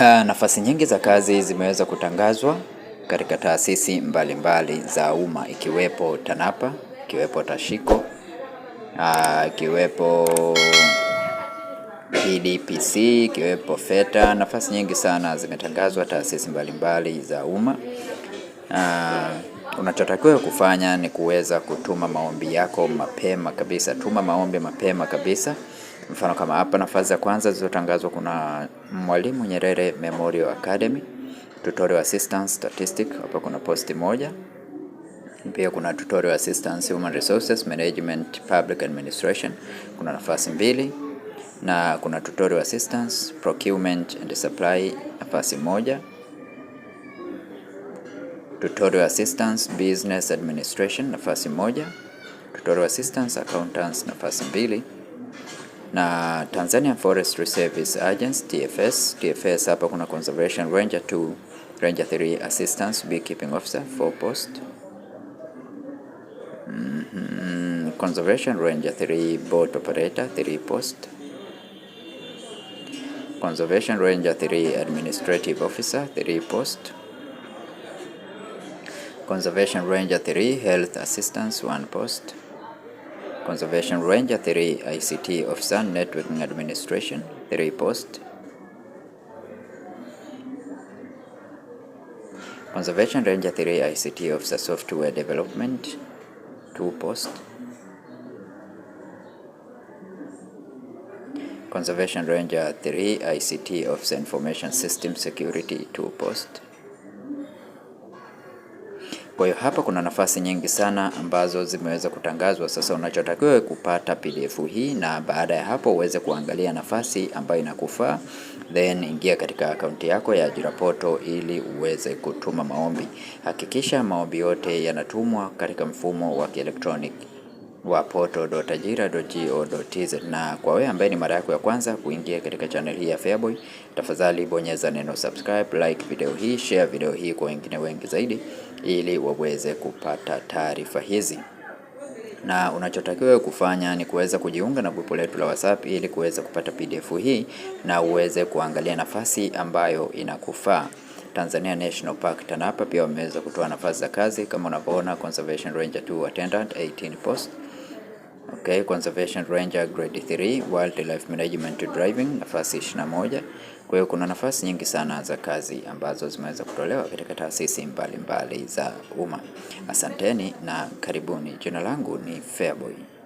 Nafasi nyingi za kazi zimeweza kutangazwa katika taasisi mbalimbali za umma ikiwepo TANAPA, ikiwepo Tashiko, ikiwepo PDPC, ikiwepo FETA. Nafasi nyingi sana zimetangazwa taasisi mbalimbali za umma. Unachotakiwa kufanya ni kuweza kutuma maombi yako mapema kabisa. Tuma maombi mapema kabisa. Mfano kama hapa nafasi ya kwanza zilizotangazwa kuna Mwalimu Nyerere Memorial Academy tutorial assistance statistic, hapa kuna posti moja. Pia kuna tutorial assistance human resources management public administration, kuna nafasi mbili, na kuna tutorial assistance procurement and supply nafasi moja, tutorial assistance business administration nafasi moja, tutorial assistance accountants nafasi mbili na Tanzania Forestry Service Agency TFS. TFS hapa kuna conservation ranger 2, ranger 3, assistance beekeeping officer 4 post mm -hmm. conservation ranger 3, boat operator 3 post conservation ranger 3, administrative officer 3 post conservation ranger 3, health assistance 1 post Conservation Ranger 3 ICT Officer Networking Administration 3 Post Conservation Ranger 3 ICT Officer Software Development 2 Post Conservation Ranger 3 ICT Officer Information System Security 2 Post kwa hiyo hapa kuna nafasi nyingi sana ambazo zimeweza kutangazwa. Sasa unachotakiwa kupata PDF hii, na baada ya hapo uweze kuangalia nafasi ambayo inakufaa, then ingia katika akaunti yako ya ajira poto ili uweze kutuma maombi. Hakikisha maombi yote yanatumwa katika mfumo wa kielektroniki wa Na kwa wewe ambaye ni mara yako ya kwanza kuingia katika channel hii ya Feaboy, tafadhali bonyeza neno subscribe, like video hii, share video hii kwa wengine wengi zaidi ili waweze kupata taarifa hizi na unachotakiwa kufanya ni kuweza kujiunga na grupu letu la WhatsApp ili kuweza kupata PDF hii na uweze kuangalia nafasi ambayo inakufaa. Tanzania National Park TANAPA pia wameweza kutoa nafasi za kazi kama unavyoona, conservation ranger 2 attendant 18 post Okay, Conservation Ranger grade 3 Wildlife Management Driving nafasi 21. Kwa hiyo kuna nafasi nyingi sana za kazi ambazo zimeweza kutolewa katika taasisi mbalimbali za umma. Asanteni na karibuni. Jina langu ni fairboy